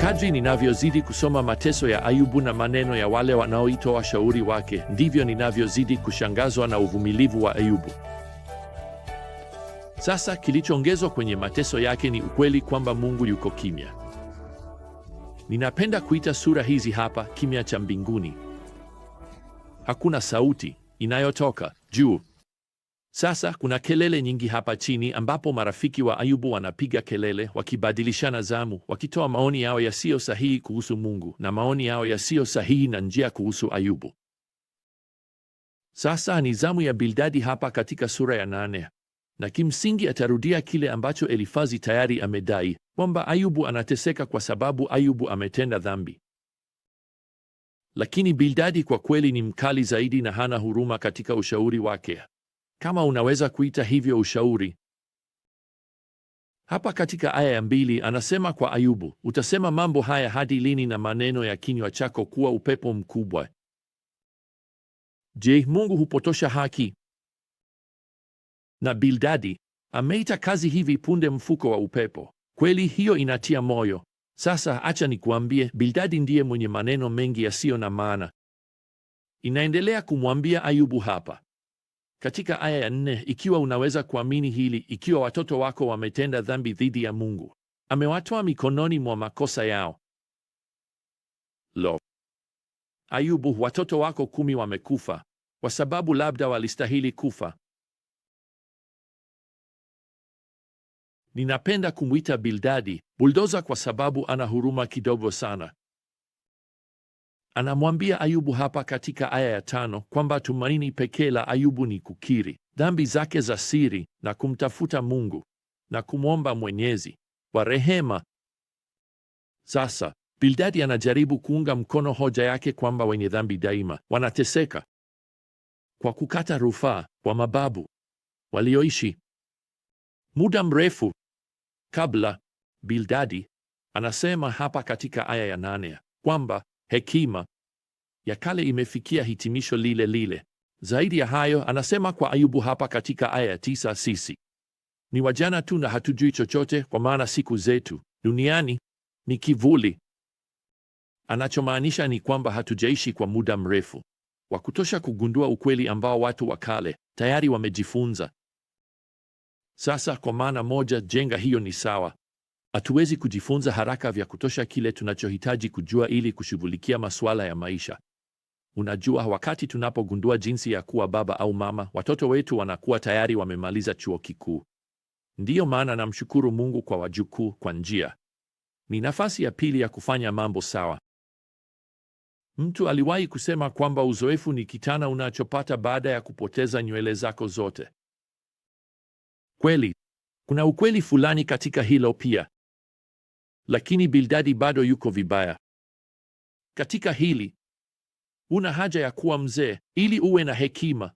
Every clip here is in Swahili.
Kadri ninavyozidi kusoma mateso ya Ayubu na maneno ya wale wanaoitwa washauri wake, ndivyo ninavyozidi kushangazwa na uvumilivu wa Ayubu. Sasa kilichoongezwa kwenye mateso yake ni ukweli kwamba Mungu yuko kimya. Ninapenda kuita sura hizi hapa kimya cha mbinguni. Hakuna sauti inayotoka juu. Sasa kuna kelele nyingi hapa chini ambapo marafiki wa Ayubu wanapiga kelele, wakibadilishana zamu, wakitoa maoni yao yasiyo sahihi kuhusu Mungu na maoni yao yasiyo sahihi na njia kuhusu Ayubu. Sasa ni zamu ya Bildadi hapa katika sura ya nane, na kimsingi atarudia kile ambacho Elifazi tayari amedai kwamba Ayubu anateseka kwa sababu Ayubu ametenda dhambi. Lakini Bildadi kwa kweli ni mkali zaidi na hana huruma katika ushauri wake kama unaweza kuita hivyo ushauri. Hapa katika aya ya mbili anasema kwa Ayubu, utasema mambo haya hadi lini, na maneno ya kinywa chako kuwa upepo mkubwa? Je, Mungu hupotosha haki? Na Bildadi ameita kazi hivi punde mfuko wa upepo. Kweli hiyo inatia moyo. Sasa acha nikuambie, Bildadi ndiye mwenye maneno mengi yasiyo na maana. Inaendelea kumwambia Ayubu hapa katika aya ya nne, ikiwa unaweza kuamini hili, ikiwa watoto wako wametenda dhambi dhidi ya Mungu, amewatoa mikononi mwa makosa yao. Lo, Ayubu, watoto wako kumi wamekufa kwa sababu labda walistahili kufa. Ninapenda kumwita Bildadi buldoza kwa sababu ana huruma kidogo sana. Anamwambia Ayubu hapa katika aya ya tano kwamba tumaini pekee la Ayubu ni kukiri dhambi zake za siri na kumtafuta Mungu na kumwomba Mwenyezi wa rehema. Sasa Bildadi anajaribu kuunga mkono hoja yake kwamba wenye dhambi daima wanateseka kwa kukata rufaa kwa mababu walioishi muda mrefu kabla. Bildadi anasema hapa katika aya ya nane kwamba hekima ya kale imefikia hitimisho lile lile. Zaidi ya hayo, anasema kwa Ayubu hapa katika aya ya tisa, sisi ni wajana tu na hatujui chochote, kwa maana siku zetu duniani ni kivuli. Anachomaanisha ni kwamba hatujaishi kwa muda mrefu wa kutosha kugundua ukweli ambao watu wa kale tayari wamejifunza. Sasa kwa maana moja, jenga hiyo ni sawa Hatuwezi kujifunza haraka vya kutosha kile tunachohitaji kujua ili kushughulikia masuala ya maisha. Unajua, wakati tunapogundua jinsi ya kuwa baba au mama, watoto wetu wanakuwa tayari wamemaliza chuo kikuu. Ndiyo maana namshukuru Mungu kwa wajukuu. Kwa njia, ni nafasi ya pili ya kufanya mambo sawa. Mtu aliwahi kusema kwamba uzoefu ni kitana unachopata baada ya kupoteza nywele zako zote. Kweli, kuna ukweli fulani katika hilo pia lakini Bildadi bado yuko vibaya katika hili. Una haja ya kuwa mzee ili uwe na hekima.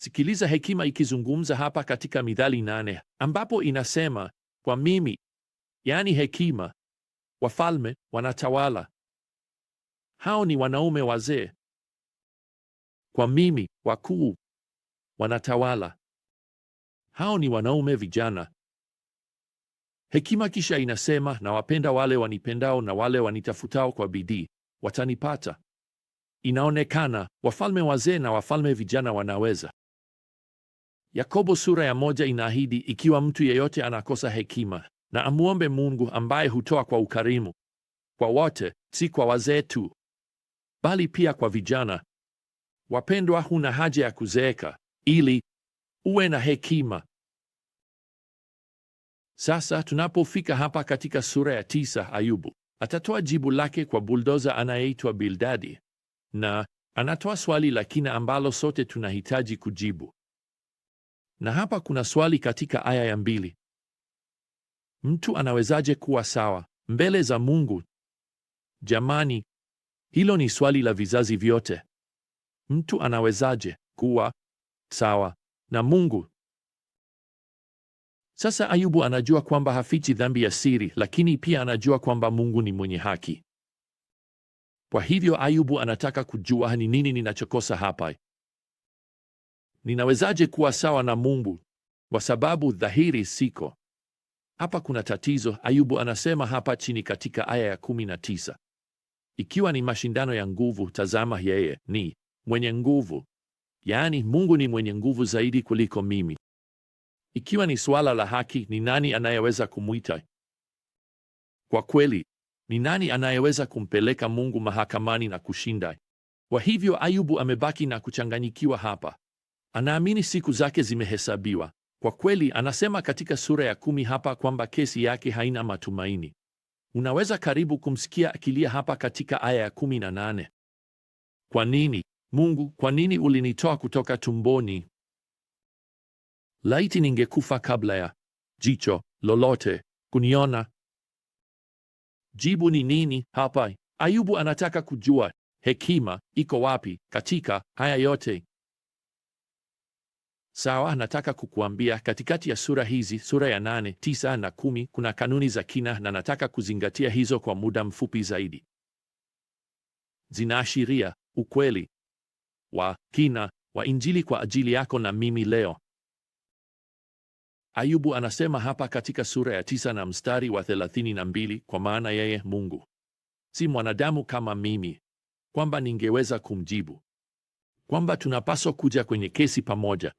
Sikiliza hekima ikizungumza hapa katika Mithali nane ambapo inasema kwa mimi, yaani hekima, wafalme wanatawala, hao ni wanaume wazee. Kwa mimi, wakuu wanatawala, hao ni wanaume vijana. Hekima kisha inasema, na wapenda wale wanipendao na wale wanitafutao kwa bidii watanipata. Inaonekana wafalme wazee na wafalme vijana wanaweza. Yakobo sura ya moja inaahidi ikiwa mtu yeyote anakosa hekima na amuombe Mungu ambaye hutoa kwa ukarimu kwa wote, si kwa wazee tu, bali pia kwa vijana. Wapendwa, huna haja ya kuzeeka ili uwe na hekima. Sasa tunapofika hapa katika sura ya tisa, Ayubu atatoa jibu lake kwa buldoza anayeitwa Bildadi, na anatoa swali la kina ambalo sote tunahitaji kujibu. Na hapa kuna swali katika aya ya mbili: mtu anawezaje kuwa sawa mbele za Mungu? Jamani, hilo ni swali la vizazi vyote. Mtu anawezaje kuwa sawa na Mungu? Sasa Ayubu anajua kwamba hafichi dhambi ya siri, lakini pia anajua kwamba Mungu ni mwenye haki. Kwa hivyo Ayubu anataka kujua ni nini ninachokosa hapa, ninawezaje kuwa sawa na Mungu kwa sababu dhahiri siko hapa. Kuna tatizo, Ayubu anasema hapa chini katika aya ya 19. Ikiwa ni mashindano ya nguvu, tazama, yeye ni mwenye nguvu, yaani Mungu ni mwenye nguvu zaidi kuliko mimi. Ikiwa ni suala la haki, ni nani anayeweza kumwita? Kwa kweli, ni nani anayeweza kumpeleka Mungu mahakamani na kushinda? Kwa hivyo, Ayubu amebaki na kuchanganyikiwa hapa. Anaamini siku zake zimehesabiwa. Kwa kweli, anasema katika sura ya kumi hapa kwamba kesi yake haina matumaini. Unaweza karibu kumsikia akilia hapa katika aya ya kumi na nane. Kwa nini Mungu, kwa nini ulinitoa kutoka tumboni? Laiti ningekufa kabla ya jicho lolote kuniona. Jibu ni nini hapa? Ayubu anataka kujua hekima iko wapi katika haya yote. Sawa, nataka kukuambia katikati ya sura hizi, sura ya nane, tisa na kumi, kuna kanuni za kina, na nataka kuzingatia hizo kwa muda mfupi zaidi. Zinaashiria ukweli wa kina wa Injili kwa ajili yako na mimi leo. Ayubu anasema hapa katika sura ya tisa na mstari wa thelathini na mbili kwa maana yeye Mungu si mwanadamu kama mimi, kwamba ningeweza kumjibu, kwamba tunapaswa kuja kwenye kesi pamoja.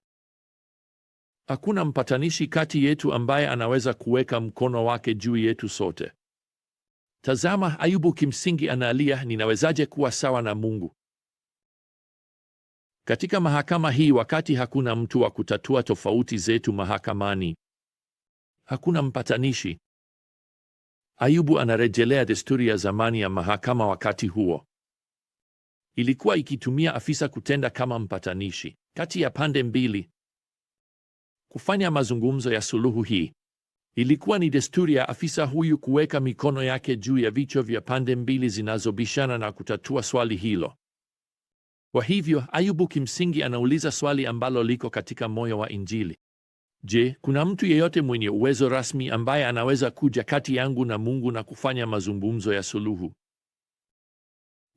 Hakuna mpatanishi kati yetu ambaye anaweza kuweka mkono wake juu yetu sote. Tazama, Ayubu kimsingi analia, ninawezaje kuwa sawa na Mungu? katika mahakama hii, wakati hakuna mtu wa kutatua tofauti zetu mahakamani, hakuna mpatanishi. Ayubu anarejelea desturi ya zamani ya mahakama. Wakati huo ilikuwa ikitumia afisa kutenda kama mpatanishi kati ya pande mbili. Kufanya mazungumzo ya suluhu hii ilikuwa ni desturi ya afisa huyu kuweka mikono yake juu ya vichwa vya pande mbili zinazobishana na kutatua swali hilo. Kwa hivyo Ayubu kimsingi anauliza swali ambalo liko katika moyo wa Injili. Je, kuna mtu yeyote mwenye uwezo rasmi ambaye anaweza kuja kati yangu na Mungu na kufanya mazungumzo ya suluhu?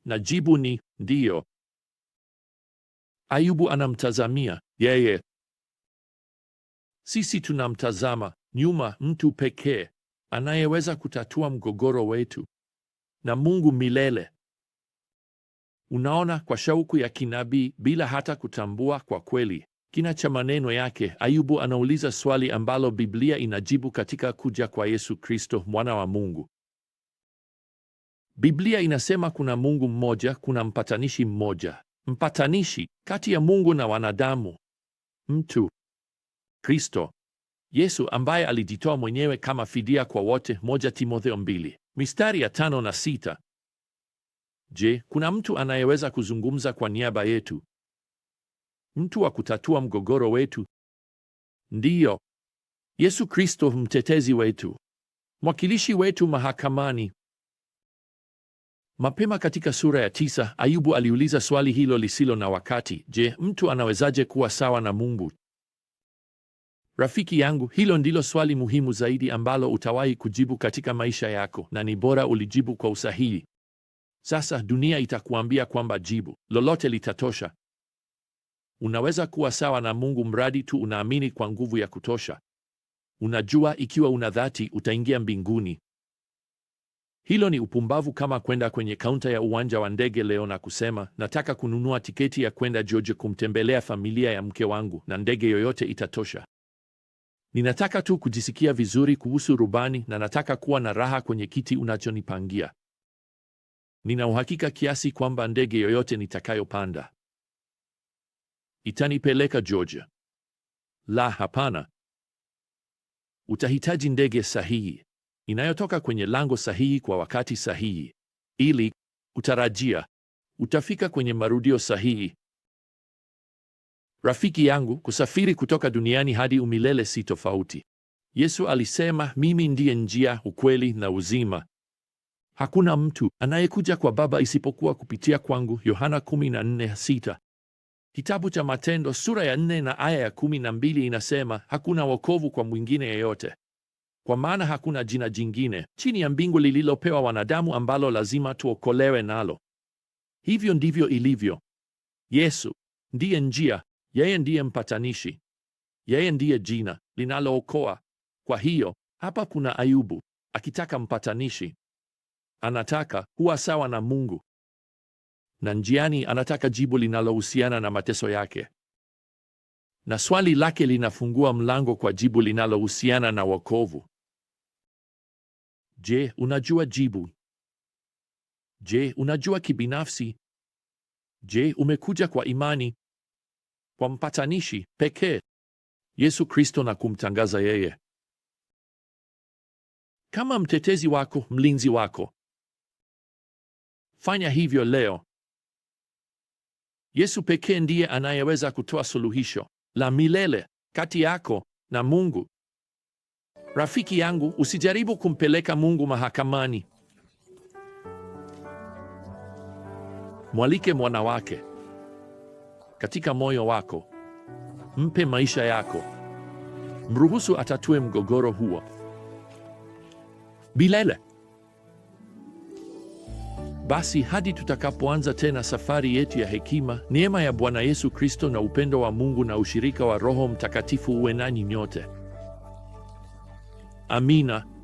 Na jibu ni ndiyo. Ayubu anamtazamia yeye. Sisi tunamtazama nyuma mtu pekee anayeweza kutatua mgogoro wetu na Mungu milele. Unaona, kwa shauku ya kinabii bila hata kutambua kwa kweli kina cha maneno yake, Ayubu anauliza swali ambalo Biblia inajibu katika kuja kwa Yesu Kristo, mwana wa Mungu. Biblia inasema kuna Mungu mmoja, kuna mpatanishi mmoja, mpatanishi kati ya Mungu na wanadamu, mtu Kristo Yesu ambaye alijitoa mwenyewe kama fidia kwa wote, moja Timotheo mbili mistari ya tano na sita. Je, kuna mtu anayeweza kuzungumza kwa niaba yetu? Mtu wa kutatua mgogoro wetu? Ndiyo, Yesu Kristo, mtetezi wetu, mwakilishi wetu mahakamani. Mapema katika sura ya tisa, Ayubu aliuliza swali hilo lisilo na wakati: Je, mtu anawezaje kuwa sawa na Mungu? Rafiki yangu, hilo ndilo swali muhimu zaidi ambalo utawahi kujibu katika maisha yako, na ni bora ulijibu kwa usahihi. Sasa dunia itakuambia kwamba jibu lolote litatosha. Unaweza kuwa sawa na Mungu mradi tu unaamini kwa nguvu ya kutosha. Unajua, ikiwa una dhati utaingia mbinguni. Hilo ni upumbavu kama kwenda kwenye kaunta ya uwanja wa ndege leo na kusema nataka kununua tiketi ya kwenda George kumtembelea familia ya mke wangu, na ndege yoyote itatosha. Ninataka tu kujisikia vizuri kuhusu rubani na nataka kuwa na raha kwenye kiti unachonipangia. Nina uhakika kiasi kwamba ndege yoyote nitakayopanda itanipeleka Georgia. La, hapana. Utahitaji ndege sahihi inayotoka kwenye lango sahihi kwa wakati sahihi, ili utarajia utafika kwenye marudio sahihi. Rafiki yangu, kusafiri kutoka duniani hadi umilele si tofauti. Yesu alisema, mimi ndiye njia, ukweli na uzima. Hakuna mtu anayekuja kwa Baba isipokuwa kupitia kwangu. Yohana 14:6. Kitabu cha Matendo sura ya 4 na aya ya 12 inasema, hakuna wokovu kwa mwingine yeyote, kwa maana hakuna jina jingine chini ya mbingu lililopewa wanadamu ambalo lazima tuokolewe nalo. Hivyo ndivyo ilivyo. Yesu ndiye njia, yeye ndiye mpatanishi, yeye ndiye jina linalookoa. Kwa hiyo hapa kuna Ayubu akitaka mpatanishi anataka kuwa sawa na Mungu, na njiani anataka jibu linalohusiana na mateso yake, na swali lake linafungua mlango kwa jibu linalohusiana na wokovu. Je, unajua jibu? Je, unajua kibinafsi? Je, umekuja kwa imani kwa mpatanishi pekee Yesu Kristo na kumtangaza yeye kama mtetezi wako, mlinzi wako Fanya hivyo leo. Yesu pekee ndiye anayeweza kutoa suluhisho la milele kati yako na Mungu. Rafiki yangu, usijaribu kumpeleka Mungu mahakamani. Mwalike mwanawake katika moyo wako, mpe maisha yako, mruhusu atatue mgogoro huo milele. Basi hadi tutakapoanza tena safari yetu ya hekima, neema ya Bwana Yesu Kristo na upendo wa Mungu na ushirika wa Roho Mtakatifu uwe nanyi nyote. Amina.